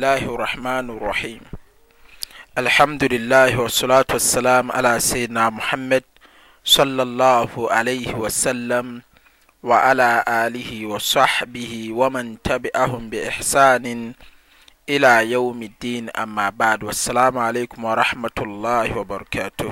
mh اrhman الrhim alhamduh wة سam l سyidنa mhamd sى اh lي wسm w h wصahبh wamantbhm beحsani il ywm الdيn amma bad waلسalam lيkum wrahmaةالlh wabaرkath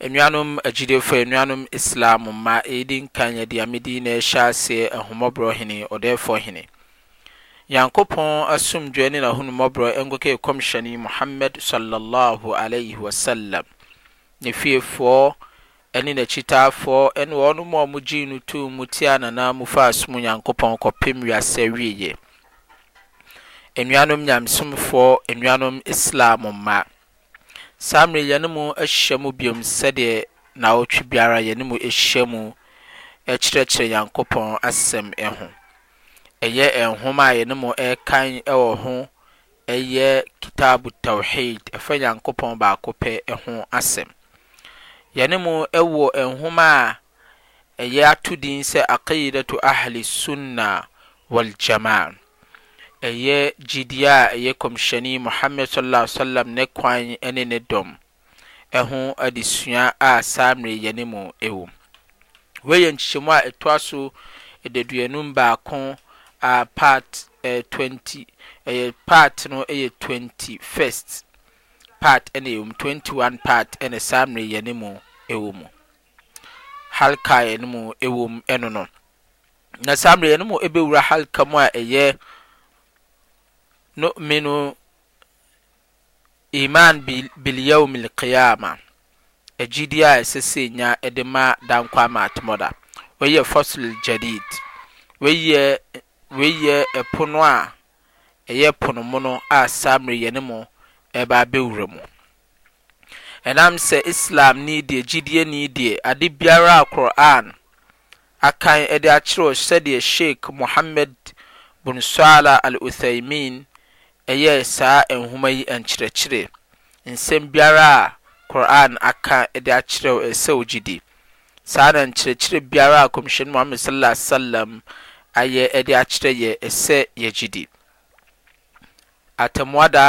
eñanum ajidf eum islamuma edi kaydamidie sas hmbohini odefohine nyankopɔn asomdwoe ne n'ahummɔborɔ nkɔkɛ kɔmhyɛne muhammad sallallahu alaihi wasallam ne fiefoɔ ne n'akyitaafoɔ ne wɔn mu a wɔgyee no tuu mu te a nana mu fa asom nyankopɔn kɔpem wiase wieɛ nnuanom nyamsomfoɔ nnuanom islam mma saa mmerɛ yɛne mu ahyia mu biom sɛdeɛ naawɔtwe biara yɛne mu ahyia mu kyerɛkyerɛ nyankopɔn asɛm ho ɛyɛ nhoma a yɛne mo ɛrekan e wɔ ho ɛyɛ kitabu tawhid ɛfɛ e nyankopɔn baako pɛ ho asɛm yɛne mo ɛwɔ e nhoma a ɛyɛ ato din sɛ aqidatu ahli sunna wal ɛyɛ gyidie a ɛyɛ kɔmhyɛni muhammad sala alaihi ne kwan ne ne dɔm ɛho adesua a saa mmerɛ yɛne mu ɛwɔ wei yɛ nkyekyɛmu a ɛtoa so ɛdaduanum baako a part ɛyɛ eh, twenty ɛyɛ eh, part no ɛyɛ eh, twenty first part ɛna ɛwɔ mu twenty one part and a summary yɛ ne mu ɛwɔ e mu halka yɛ ne mu ɛwɔ e mu ɛno e no na saa mmerɛ yɛ ne mu ɛbɛwura halka mu a ɛyɛ no me no iman biliyɛw mil qiyama agyidi a ɛsɛ nya edema ma dankwa ma atɔmɔda wɔyɛ fossil jadid wɔyɛ wei yɛ ɛpono a ɛyɛ no a samre yɛ ne mu ɛba abɛwura mu ɛnam sɛ islam ni deɛ gyidie ni deɛ ade biara a koran akan ɛde akyerɛ sɛdeɛ sheikh mohammed bin sala al uthaimin ɛyɛ saa nhoma yi nkyerɛkyerɛ nsɛm biara a koran aka ɛde akyerɛ ɛsɛ ogyidi saa na nkyerɛkyerɛ biara a kɔmhyɛn muhammed sallallahu alaihi wasallam ayɛ ɛde akyerɛ yɛ ɛsɛ yɛgye di atemmuada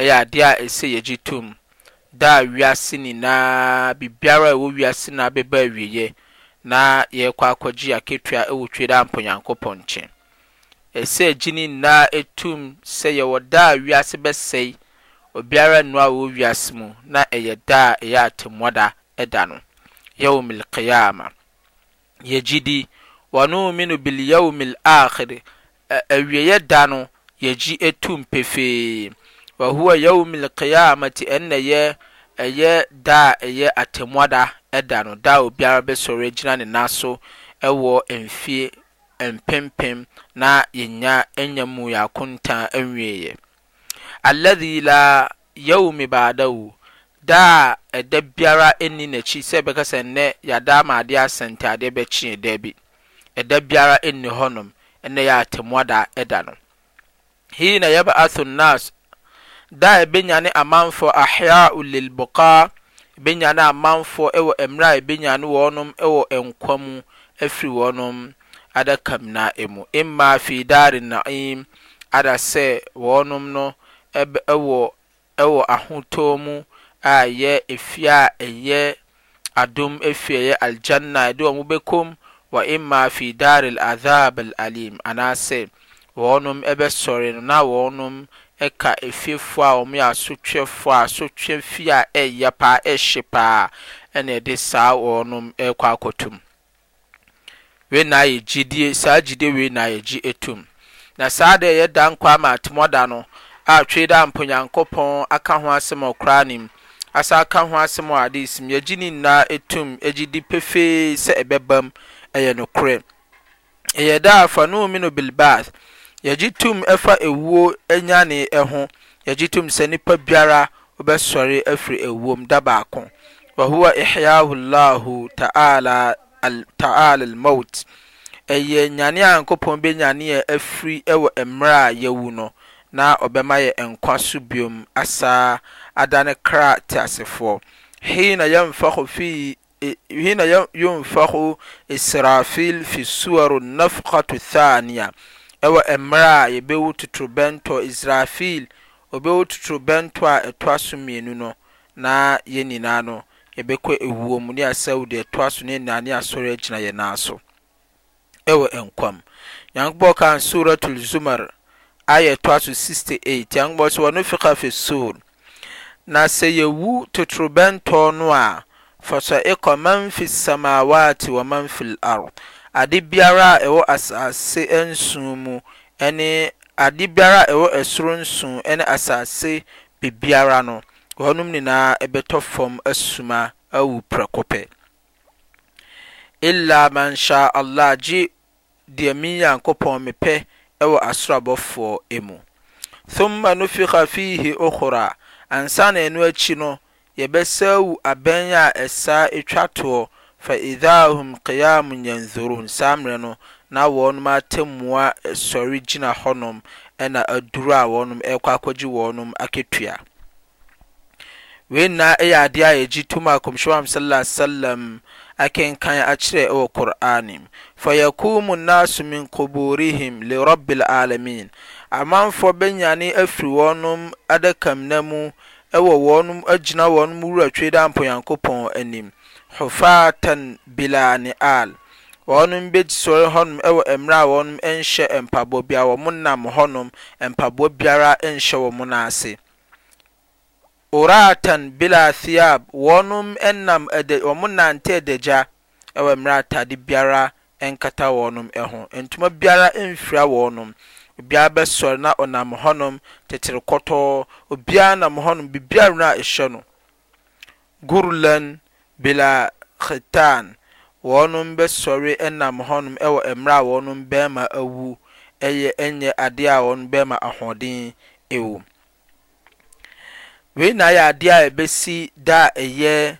ɛyɛ adeɛ a ɛsɛ yɛgye tom da a wiase nyinaa biribiara a ɛwɔ wiase na abɛba awieɛ na yɛrekɔ akɔgye aketua ɛwɔ twe da mponyankopɔn nkyɛn ɛsɛ agyi ne nyinaa ɛtum sɛ yɛwɔ da a wiase bɛsɛe obiara nnoa a wɔwɔ wiase mu na ɛyɛ da a ɛyɛ atemmuada ɛda no yɛwɔ milkiyama yɛgye di wɔnuminu bilyawmil akhir awieɛ da no yɛgye etum pefee wahuwa yawmil qiyamati ɛnna yɛ ɛyɛ da a ɛyɛ atemmuada ɛda no da a obiara bɛsɔre agyina ne nan so ɛwɔ mfie mpempem na yɛnya ɛnya mu yɛ akonta ɛnwieɛ alladhi la yawmi baadahu da a ɛda biara ɛni n'akyi sɛ ɛbɛka nnɛ yɛada ama adeɛ asɛntadeɛ bɛkye ɛda bi ɛda biara nni hɔnom ɛna yɛ atemmuada ɛda no hii na yɛbɛaso nas da a ɛbɛnyane amanfoɔ ahyaao lilbokaa ɛbɛnyane amanfoɔ ɛwɔ mmerɛ a ɛbɛnyane wɔnom ɛwɔ nkwa mu afiri wɔnom adaka mna mu imma fi na naim ada sɛ wɔnom no ɛwɔ ɛwɔ ahotɔ mu a ɛyɛ efie a ɛyɛ adom efie ɛyɛ aljanna ɛde wɔn bɛkɔm wa imma fi daril azab alim anaasɛ wɔnom ɛbɛsɔre no na wɔnom ɛka efiefo a wɔn yɛ asotwɛfoɔ a asotwɛ fie a ɛyɛ paa ɛhye paa ɛna ɛde saa wɔnom ɛkɔ akɔtum wei na ayɛ gyidie saa gyidie wei na ayɛ gyi etum na saa deɛ yɛ dan kɔ ama atemɔda no a twe da mponyankopɔn aka ho asɛm ɔkora nim asa aka ho asɛm ɔade sim yɛgyi ne nyinaa etum egyidi pefee sɛ ɛbɛbam. E ɛyɛ nokorɛ ɛyɛ da a fanomino bilbath yɛgye tom ɛfa ewuo anyane ɛho yɛgye tom sɛ nipa biara wobɛsɔre afiri ewuo mu da baako wahuwa ihyahu llahu ta'ala al ta'ala al maut ɛyɛ nyane a nkopɔn bɛnyane a afiri ɛwɔ mmerɛ a yɛwu no na ɔbɛma yɛ nkwa so biom asaa adane kra te asefoɔ hina yɛmfa fii hina yunfahu israfil fi suwaru nafkatu thania ɛwɔ mmerɛ a yɛbɛwu totorobɛnto israfil obɛwu totorobɛnto a ɛtoa so mmienu no na yɛ nyinaa no yɛbɛkɔ ewuo mu ne asaw deɛ ɛtoa so ne nane asɔre agyina yɛ nan so ɛwɔ nkwam nyankopɔn kan suratul zumar ayɛ ɛtoa so 68 nyankopɔn sɛ wɔno fika fi sur na sɛ yɛwu totorobɛnto no a fasa ikɔ man fi samawati wa man fi aro ade biara a ɛwɔ asase nson mu ɛne ade biara a ɛwɔ ɛsoro nson ɛne asase bibiara no wɔnom nyinaa ɛbɛtɔ fam asuma awu prɛko pɛ illa man sha allah gye deɛ me nyankopɔn mepɛ ɛwɔ asorabɔfoɔ mu thumma nufiha fihi ukhra ansa na ɛno akyi no yɛbɛsɛew abɛn a ɛsa atwa toɔ fa idha hum qiyamun yanzurun saa mmerɛ no na wɔnom atemmoa sɔre gyina hɔnom ɛna aduru a wɔnom ɛkɔ akɔgye wɔnom aketua wei nyinaa ɛyɛ adeɛ a yɛgye tom a kɔmhyɛwam sala salam akenkan akyerɛ ɛwɔ qur'anim fa yakumu nnaso min kuburihim li alamin amanfoɔ bɛnyane afiri wɔnom adakamna mu ɛwɔ wɔnom agyina wɔnom wurɛ twie daa mpo nyankopɔn anim hufatan bila nial wɔnom beisɔre hɔnom wɔ mmerɛ a wɔnom nhyɛ mpaboa biar wɔ mo nam hɔnom mpaboa biara ɛnhyɛ wɔ mo naase oratan bia thiab wɔnom nwɔ mo nante adagya wɔ mmerɛ atade biara ɛnkata wɔɔnom ho ntuma biara mfira wɔnom obiara bɛsɔre na ɔnam hɔnom tetere kɔtɔɔ obiara nam hɔnom biribiara no a ɛhyɛ no gurlan bila khitan wɔnom bɛsɔre nam hɔnom ɛwɔ mmerɛ a wɔnom bɛrima awu ɛyɛ ɛnyɛ adeɛ a wɔn bɛrima ahoɔden ɛwɔ wei na yɛ adeɛ a ɛbɛsi da a ɛyɛ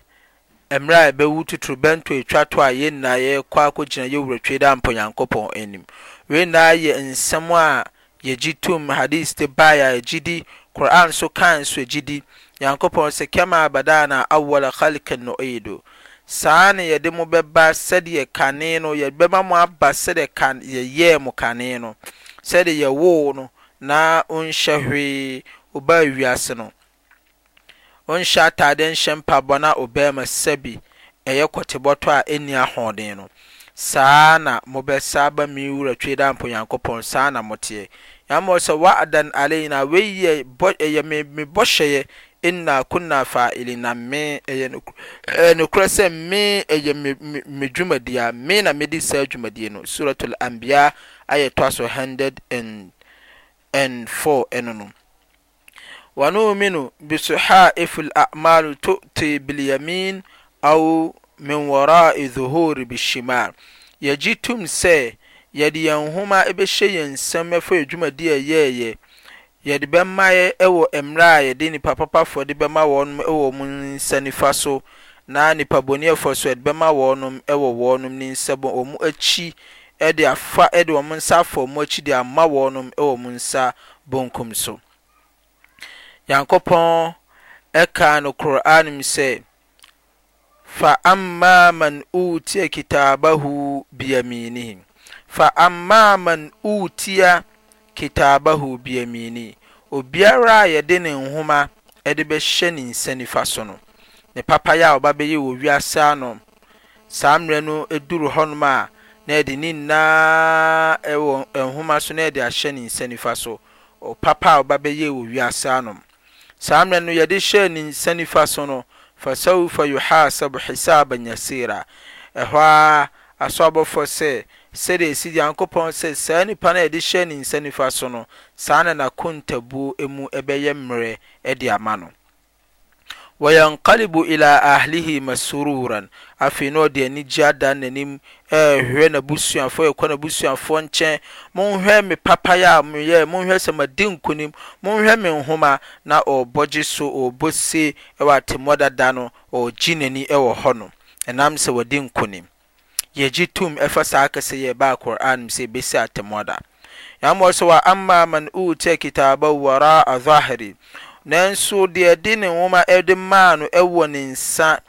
mmerɛ a ɛbɛwu totorobɛnto etwa to a yɛn na yɛkɔ akɔgyina yɛwuratwe dɛ a mpɔnyankopɔn anim wei nyinaa yɛ nsɛm a yɛgye tom hadis te baeɛ a yɛgye di koran so kan so yɛgye di nyankopɔn sɛ kɛma abadaana awala halika no eido saa na yɛde mo bɛba sɛdeɛ kane no yɛbɛma mo aba sɛdeɛ kan yɛyɛɛ mo kane no sɛdeɛ yɛwoo no na ɔnhyɛ hwee ɔbaa wiase no ɔnhyɛ ataade nhyɛ mpabɔ na ɔbɛɛma sɛbi ɛyɛ kɔtebɔtɔ a ɛnni ahoɔden no saana mo bɛ saaba me wuratw daanp nyankpɔn saa na mo teɛ nya sɛ wa'dan alaina weiɛɛ me bɔhyɛɛ inna kunna faili name ɛnekora sɛ me yɛ me dwumadia me na mede saa dwumadi no suat lambia ayɛ tɔaso 1004 no nonshaf mal byamin menwor izohor bishimar yɛgye tum sɛ yɛde yɛhom a ɛbɛhyɛ yɛn nsɛm mɛfa yadwumadi ayɛyɛ yɛde bɛmaɛ wɔ mmerɛ a yɛde nnipa papafoɔ de bɛma wɔ nom wɔ mu nnsa nifa so na nnipaboniafɔɔ so yɛde bɛma wɔnom wɔ wɔ nom ne nsmkede ɔ mo nsa afa ɔ mo akyi deɛ ama wɔ nom wɔ m nsa bonkum so nyankopɔ ka no koran m s fa amma man utiya kitabahu biyaminihi fa amma man utiya kitabahu biyaminihi obiara a yɛde ne nhoma de bɛhyɛ ne nsa nifa so no ne papayɛ a ɔba bɛyɛ wɔ wiase ano saa mmerɛ no duru hɔnom a na yɛde ne nyinaa wɔ nhoma so na yɛde ahyɛ ne nsa nifa so ɔpapa a ɔba bɛyɛ wɔ wiase ano saa mmerɛ no yɛde hyɛ ne nsa nifa so no fasawfa yuhasabu hisaban yasira ɛhɔ a aso abɔfo sɛ sɛdeɛ ɛsi nyankopɔn sɛ saa nipa no a yɛde hyɛ ne nsa nifa so no saa na n'akontabuo mu ɛbɛyɛ mmerɛ de ama no wɔyɛnkalibu ila ahlihi masururan afei na ɔde ani gye n'anim ɛɛhwɛ n'abusuafoɔ ɛkɔ n'abusuafoɔ nkyɛn monhwɛ me papayɛ a meyɛ monhwɛ sɛ madi nkonim monhwɛ me nhoma na ɔrebɔgye so ɔrebɔ se ɛwɔ atemmɔ da no ɔregye n'ani ɛwɔ hɔ no ɛnam sɛ wadi nkonim yɛgye tom ɛfa saa kɛsɛ yɛ ba qur'an mu sɛ ɛbɛsi atemmɔ da yɛn mo sɛ wa amma man utia kitaaba, wara azahiri nanso deɛ ɛde ne nwoma ɛde maa no ɛwɔ ne nsa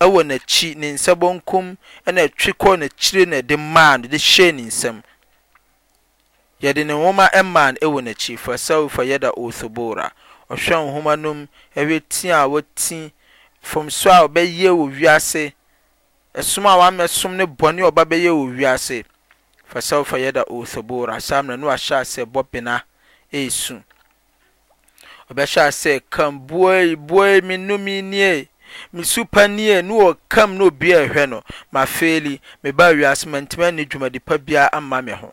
ɛwɔ n'akyi ne nsa benkum ɛna ɛtwe kɔ n'akyire na ɛde maa no de hyɛ ne nsam yɛde ne nwoma ɛmaa no ɛwɔ n'akyi fasawufa yɛda osobora ɔhwɛ nwoma no mu ɛwɛ tia a wɔti fam so a ɔbɛyɛ wɔ wiase ɛsom a wama som ne bɔne a ɔba bɛyɛ wɔ wiase fasawufa yɛda osobora saa mmerɛ no ahyɛ asɛ bɔ pena ɛɛsu ɔbɛhyɛ asɛ kam buai buai mennomennie me su panie ne wɔ kam na obi hwɛ no ma feli meba wiasɛ mantimi ni dwumadi pa biaa amma me ho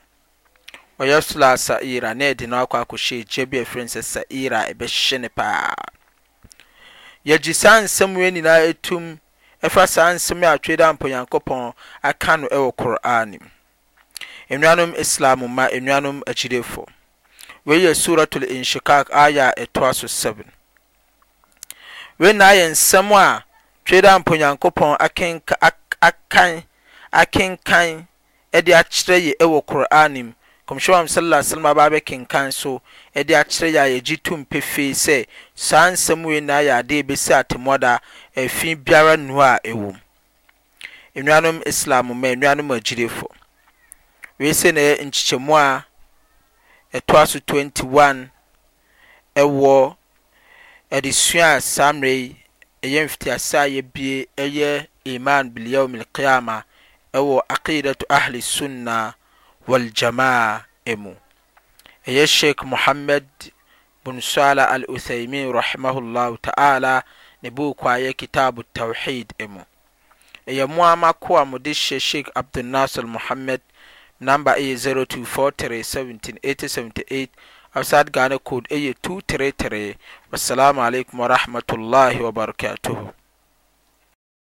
ɔyɛ sola saira ne ɛde nɔ akɔ akɔhyɛɛ gya bi afri n sɛ saiira a ɛbɛhye ne paa yɛgyi saa nsɛm mɛ nyinaa ɛtum ɛfa saa ansɛm i atwe daampo nyankopɔn aka no ɛwɔ korane m nnuanom islam ma nnuanom agyidefo wei yɛ suratul inshikak aya ɛtoa so 7 wei na ayɛ nsɛm a twere a mponyankopɔn akenkan akenkan de akyerɛ yɛ wɔ qur'an mu kɔmhyɛ wam sallallahu alaihi wasallam aba abɛkenkan so de akyerɛ yɛ a yɛgye tom pefee sɛ saa nsɛm wei na yɛ ade ebesi atemɔda afi biara nu a ɛwɔ mu nnuanom islam ma nnuanom agyirefo wei sɛ na yɛ nkyekyɛmu a t2ediim iman ym qiama aqia ah suna wljma mu y hk mhamd bnsala aluthaimin rahimhاlh taala ne bukayɛ kitab اtwhid mu yɛ muamaka md shk abdلnasr mhamd nambe ay 0243 17 878 afsad gana kon ay 2 3r 3r wassalaamu alaykum wa rahmatullahi wabarakatuhu